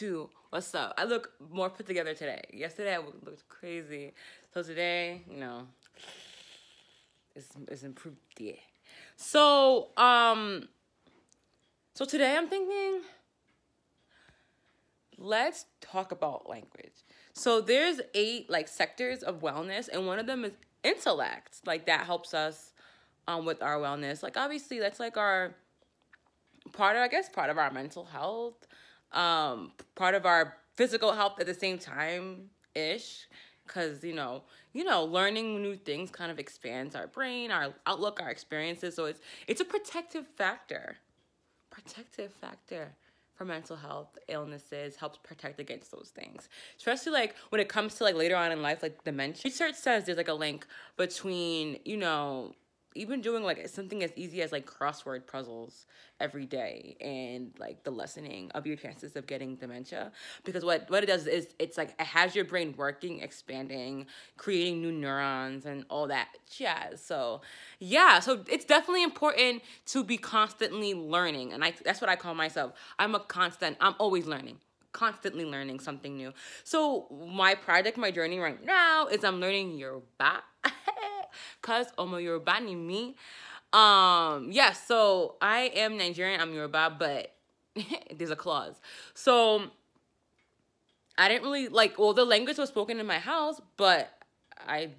too. What's up? I look more put together today. Yesterday I looked crazy. So today, you know, it's, it's improved, yeah. So, um, so today I'm thinking, let's talk about language. So there's eight like sectors of wellness and one of them is intellect. Like that helps us um, with our wellness. Like obviously that's like our part of, I guess, part of our mental health um, part of our physical health at the same time ish because you know you know learning new things kind of expands our brain our outlook our experiences so it's it's a protective factor protective factor for mental health illnesses helps protect against those things especially like when it comes to like later on in life like dementia research says there's like a link between you know even doing like something as easy as like crossword puzzles every day and like the lessening of your chances of getting dementia because what what it does is it's like it has your brain working expanding creating new neurons and all that jazz so yeah so it's definitely important to be constantly learning and I that's what I call myself I'm a constant I'm always learning constantly learning something new so my project my journey right now is I'm learning your back. Cuz Omo Yoruba ni me. Um, yeah, so I am Nigerian, I'm Yoruba, but there's a clause. So I didn't really like well the language was spoken in my house, but I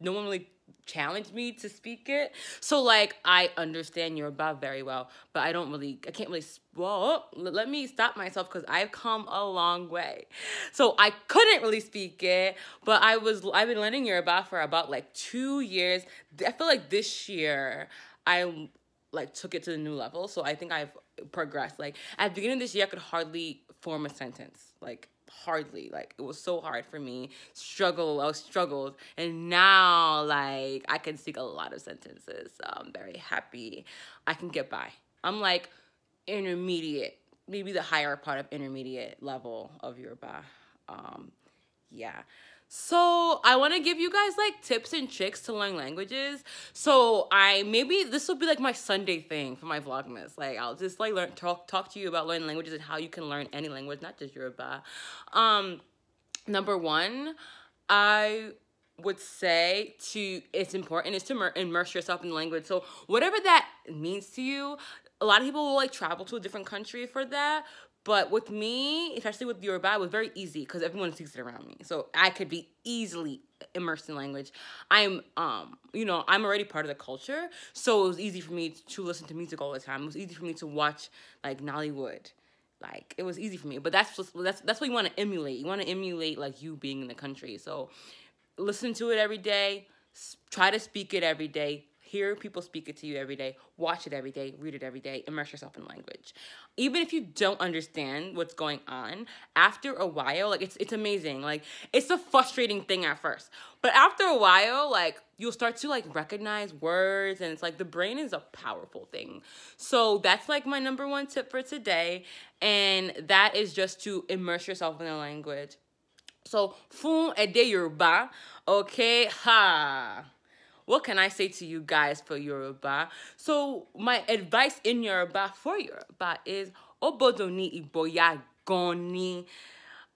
no one really challenge me to speak it. So like I understand Yoruba very well, but I don't really I can't really well, let me stop myself because I've come a long way. So I couldn't really speak it, but I was I've been learning Yoruba for about like 2 years. I feel like this year I like took it to the new level. So I think I've progressed. Like at the beginning of this year I could hardly form a sentence. Like hardly like it was so hard for me struggle i struggled and now like i can speak a lot of sentences so i'm very happy i can get by i'm like intermediate maybe the higher part of intermediate level of yoruba um yeah so I want to give you guys like tips and tricks to learn languages. So I maybe this will be like my Sunday thing for my vlogmas. Like I'll just like learn talk talk to you about learning languages and how you can learn any language, not just Yoruba. Um, number one, I would say to it's important is to immerse yourself in the language. So whatever that means to you, a lot of people will like travel to a different country for that but with me, especially with Yoruba, it was very easy because everyone speaks it around me. So I could be easily immersed in language. I'm, um, you know, I'm already part of the culture. So it was easy for me to listen to music all the time. It was easy for me to watch like Nollywood. Like it was easy for me. But that's just, that's that's what you want to emulate. You want to emulate like you being in the country. So listen to it every day. Try to speak it every day. Hear people speak it to you every day, watch it every day, read it every day, immerse yourself in language. Even if you don't understand what's going on, after a while, like it's it's amazing. Like it's a frustrating thing at first. But after a while, like you'll start to like recognize words and it's like the brain is a powerful thing. So that's like my number one tip for today and that is just to immerse yourself in the language. So, fun et de Yoruba, okay, ha. What can I say to you guys for Yoruba? So my advice in Yoruba for Yoruba is Obodoni Iboya Goni.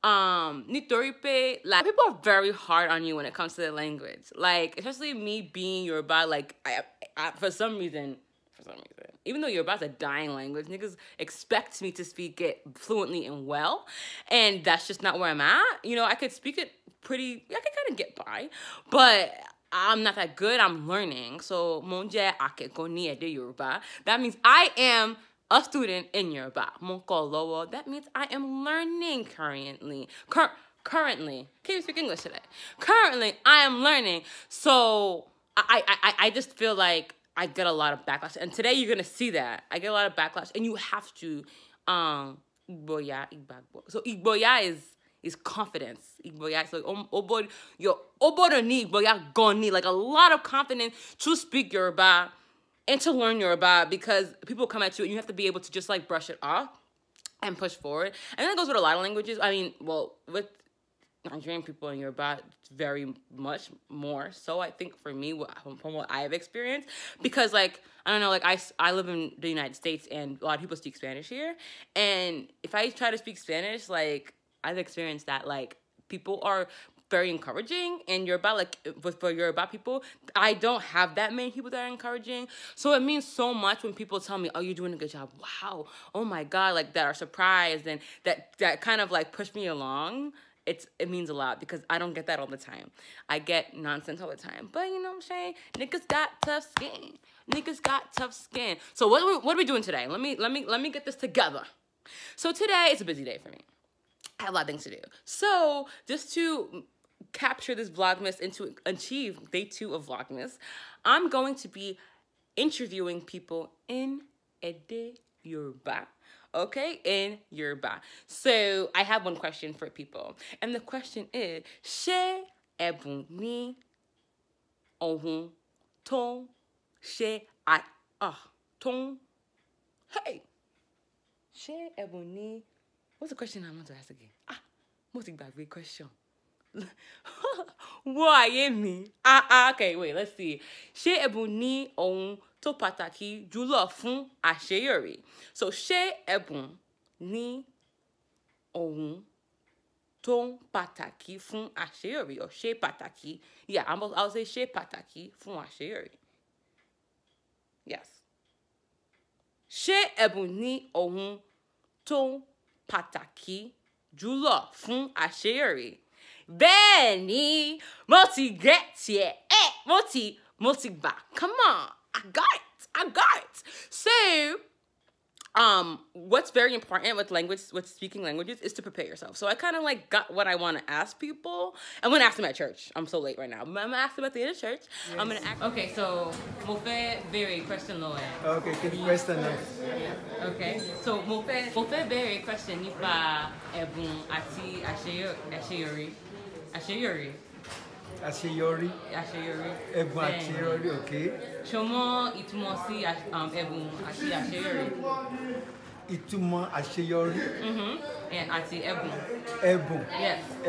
Um, nitoripe. like people are very hard on you when it comes to the language. Like especially me being Yoruba, like I, I, for some reason, for some reason, even though is a dying language, niggas expect me to speak it fluently and well, and that's just not where I'm at. You know, I could speak it pretty. I could kind of get by, but I'm not that good. I'm learning. So monje akekoni de Yoruba. That means I am a student in Yoruba. Monko Monkolowo. That means I am learning currently. Cur currently. Can you speak English today? Currently, I am learning. So I I I just feel like I get a lot of backlash. And today you're gonna see that. I get a lot of backlash. And you have to um Igboya Igbagbo. So Igboya is is confidence. Igboya. So obo your obodoni oh, like a lot of confidence to speak Yoruba and to learn Yoruba because people come at you and you have to be able to just like brush it off and push forward. And that goes with a lot of languages. I mean, well, with Nigerian people in Yoruba, very much more so. I think for me, from what I have experienced, because like I don't know, like I I live in the United States and a lot of people speak Spanish here, and if I try to speak Spanish, like I've experienced that like people are very encouraging and you're about like with for about people, I don't have that many people that are encouraging. So it means so much when people tell me, Oh, you're doing a good job. Wow. Oh my God, like that are surprised and that that kind of like push me along. It's it means a lot because I don't get that all the time. I get nonsense all the time. But you know what I'm saying? Niggas got tough skin. Niggas got tough skin. So what what are we doing today? Let me let me let me get this together. So today it's a busy day for me. I have a lot of things to do. So just to capture this Vlogmas and to achieve day two of Vlogmas, I'm going to be interviewing people in Ede Yoruba. Okay, in Yoruba. So I have one question for people. And the question is, She eboni ni ohun tó she à ah, tó hey? she eboni. what's the question I want to ask again? Ah, mo ti question. Wò ayé mi. Ah, ah, okay, wait, let's see. Ṣé ẹ̀bùn ní ohun tó pàtàkì jùlọ fún àṣeyọrí? So, ṣé ẹ̀bùn ní ohun tó ń pàtàkì fún àṣeyọrí or ṣé pàtàkì? Yeah, I'm, I'll say ṣé pàtàkì fún àṣeyọrí. Yes. Ṣé ẹ̀bùn ní ohun tó ń pàtàkì jùlọ fún àṣeyọrí bẹ́ẹ̀ ni mo ti gẹ̀ tiẹ̀ ẹ̀ mo ti mo ti gbà come on i got it i got it so. um, what's very important with language, with speaking languages, is to prepare yourself. So I kind of like got what I want to ask people. I'm gonna ask them at church. I'm so late right now. I'm gonna ask them at the end of church. Yes. I'm gonna ask. Okay, so Mofe Berry, question Lord. Okay, good question. Okay, so Mofe Mofe Berry, question Nipa Ebun Ati Asheyori Asheyori. àṣeyọrí àṣeyọrí ẹ̀bùn àṣeyọrí òkè. ṣọmọ ìtumọ̀ sí um, ẹ̀bùn àti àṣeyọrí. ìtumọ̀ àṣeyọrí. Mm-hmm. àti ẹ̀bùn. ẹ̀bùn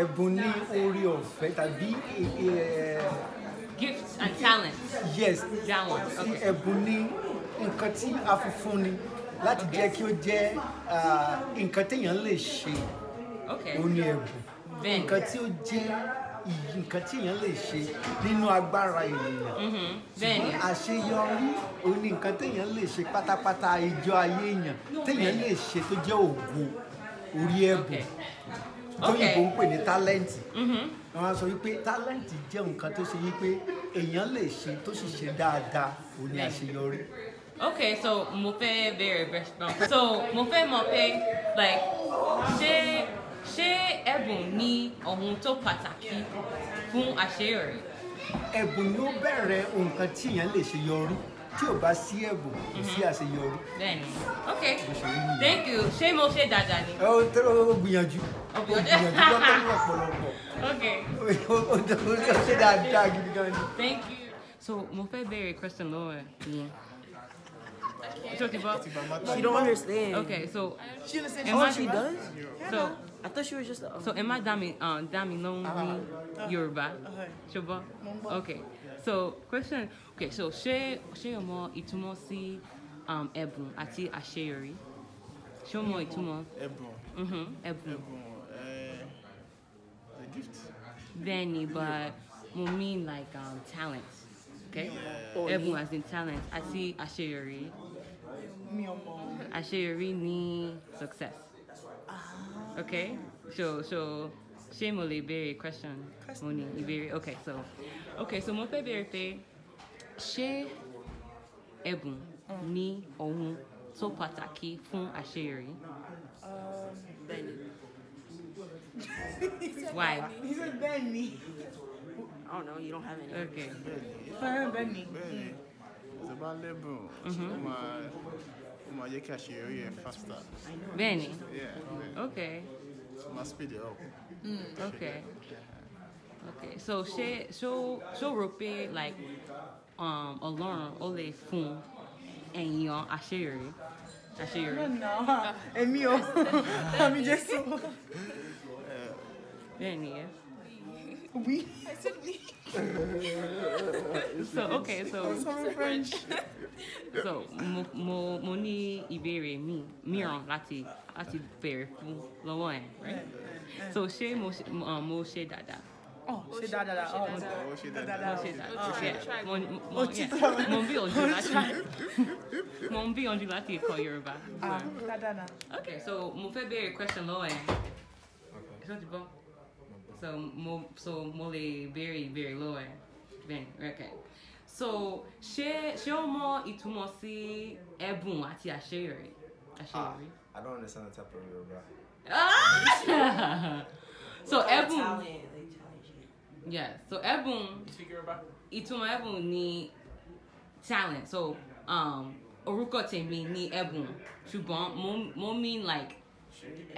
ẹ̀bùn ní orí ọ̀fẹ́ tàbí e, e, gifts and talents. Yes. That one. Okay. Ẹ̀bùn ni nǹkan tí a fi fún ni láti jẹ́ kí ó jẹ́ nǹkan téèyàn lè ṣe. Okay. Ó ní ẹ̀bùn. Bẹ́ẹ̀ni. Nǹkan tí ó jẹ́ nǹkan tí èèyàn lè ṣe nínú agbára ènìyàn mm-hmm. ṣùgbọ́n àṣeyọrí òun ni nǹkan téèyàn lè ṣe pátápátá ìjọ ayé èèyàn téèyàn lè ṣe tó jẹ́ ògo orí ẹ̀bùn tóyìnbó ń pè ní tálẹ́ǹtì mm-hmm. wọ́n á sọ wípé tálẹ́ǹtì jẹ́ nǹkan tó ṣe wípé èèyàn lè ṣe tó sì ṣe dáadáa òun àṣeyọrí. okay so mo fẹ́ bẹ̀rẹ̀ so mo fẹ́ mọ̀ pé like ṣé ṣé ẹ̀bùn ni ohun tó pàtàkì fún àṣeyọrí? ẹ̀bùn ni ó bẹ̀rẹ̀ nǹkan tí èèyàn lè ṣe yọrí tí ò bá sí ẹ̀bùn kò mhm. sí àṣeyọrí. bẹ́ẹ̀ni ok thank you ṣé mo ṣe dáadáa ni. ó tẹ́lẹ̀ ó gbìyànjú ó gbìyànjú lọ́pọ̀lọpọ̀ ok ó ṣe dáadáa gidi gan ni. thank you so mo fẹ́ béèrè question lọ́wọ́ ẹ̀ She don't understand. Okay, so she understands. And oh, she does? So I thought she was just. Um, so am I Dami um Dami Lonely uh-huh. uh-huh. Yoruba? Shoba. Uh-huh. Okay. So question. Okay. So she, she o mọ ìtumọ̀ sí um ẹ̀bùn àti àṣeyọrí? Ṣé o mọ ìtumọ̀? Ẹ̀bùn. Mhm. Ẹ̀bùn. Ẹ̀bùn. The gift. Bẹ́ẹ̀ni, but mo mean like um talent. Okay. Yeah. Ẹ̀bùn as in talent àti àṣeyọrí. Mi ò mọ̀. ni success. Okay, so so shame ole ìbéèrè question mo ní okay so okay so mo fẹ́ She pé ẹ̀bùn mm. ní ohun so pàtàkì fún asheri. Why? He said Benny. Oh no, you don't have any. Okay. Benny. Benny. It's about liberal. Mm-hmm. my, Bẹ́ẹ̀ni. Okay. Mm, okay. Okay. So she ṣó ṣó rò like um alarm all phone and Ọlọ́run ó lè fún èèyàn àṣeyọrí àṣeyọrí. Èmi o, le fun No, and me emi o Bẹ́ẹ̀ni, yes. We? I said we. so okay, so French. so mo mo mo ní ìbéèrè mi mìíràn láti láti béèrè fún lọ́wọ́ ẹ̀ right. so ṣé mo ah, mo ṣe dáadáa. Oh, ṣe dáadáa. Oh, ṣe dáadáa. Ṣe dáadáa. Mo ń gbìyànjú láti mo ń gbìyànjú láti ẹ̀kọ́ Yorùbá. Ah, dáadáa. Okay, so mo fẹ́ béèrè question lọ́wọ́ ẹ̀. Ṣé o ti bọ́? So mo so mole very very low then eh. okay. So she ṣé o mọ ìtumọ̀ sí ẹ̀bùn àti àṣeyọrí? Àṣeyọrí. Ah, I don't understand the type of Yoruba. Ah! so ẹ̀bùn. Yeah, so ẹ̀bùn. You speak Ìtumọ̀ ẹ̀bùn ni talent. So um, orúkọ tèmi ni ẹ̀bùn ṣùgbọ́n mo mean like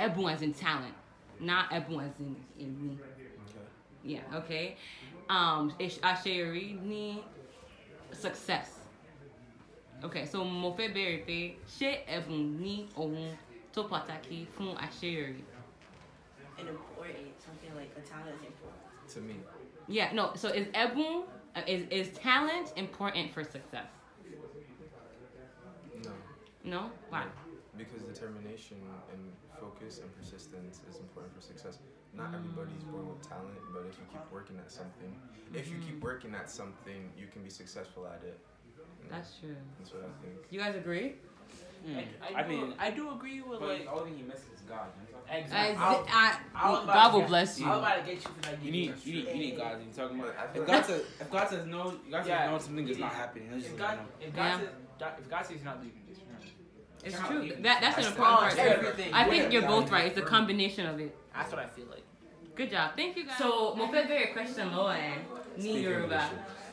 ẹ̀bùn as in talent. Not everyone's in, in me. Yeah, okay. Um, acheri ni success. Okay, so mofe fẹ́ she pé ṣé ní ohun tó fún An important something like a talent is important. To me. Yeah, no. So is ẹ̀bùn uh, is is talent important for success? No. No. Why? because determination and focus and persistence is important for success. Not everybody's born with talent, but if you keep working at something, if you keep mm-hmm. working at something, you can be successful at it. That's true. That's what I think. You guys agree? Mm. I, I, I do, mean, I do agree with but like. All he misses is God. Exactly. I, I, God will bless you. I'm about to get you for that. You need, you need, you need God. You talking about? If God says, if God says no, God says yeah, no, something is not happening. If God, if God, yeah. says, if God says not leaving this. It's How true. That that's an important part. Everything. I think you're both right. It's a combination of it. That's what I feel like. Good job. Thank you guys. So, mon fait very question lower eh? ni Yoruba.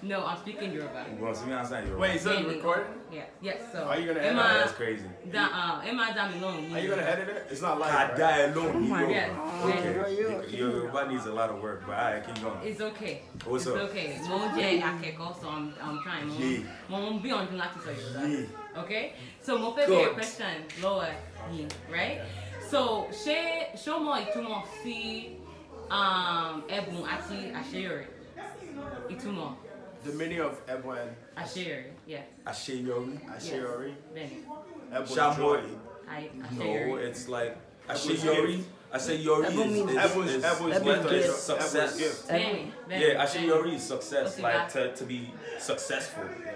No, I'm speaking Yoruba. Well, so outside Yoruba. Wait, so it's recording? Yeah. Yes. So. Are you gonna edit it? That's crazy. Da, uh, am I down alone? Are you gonna edit it? It's not like I die alone. Oh my Yoruba. God. Okay. Yoruba needs a lot of work, but I keep going. It's okay. What's it's up? It's okay. Mo jẹ akẹ́kọ̀ọ́, so I'm I'm trying. Mo be bi on láti sọ Yoruba okay? So mo fè fè question lò ni, right? So ṣé ṣó mọ ìtumọ̀ um, ẹ̀bùn àti àṣeyọrí? Ìtumọ̀. The meaning of ẹ̀bùn and yeah. Àṣeyọrí, àṣeyọrí. Bẹ́ẹ̀ni. Ẹ̀bùn joy. No, it's like àṣeyọrí. I say Yori is, is, Everyone's, is, everyone's everyone's gift. Gift. success. Everyone's yeah, I say Yori is success, like to, to be successful.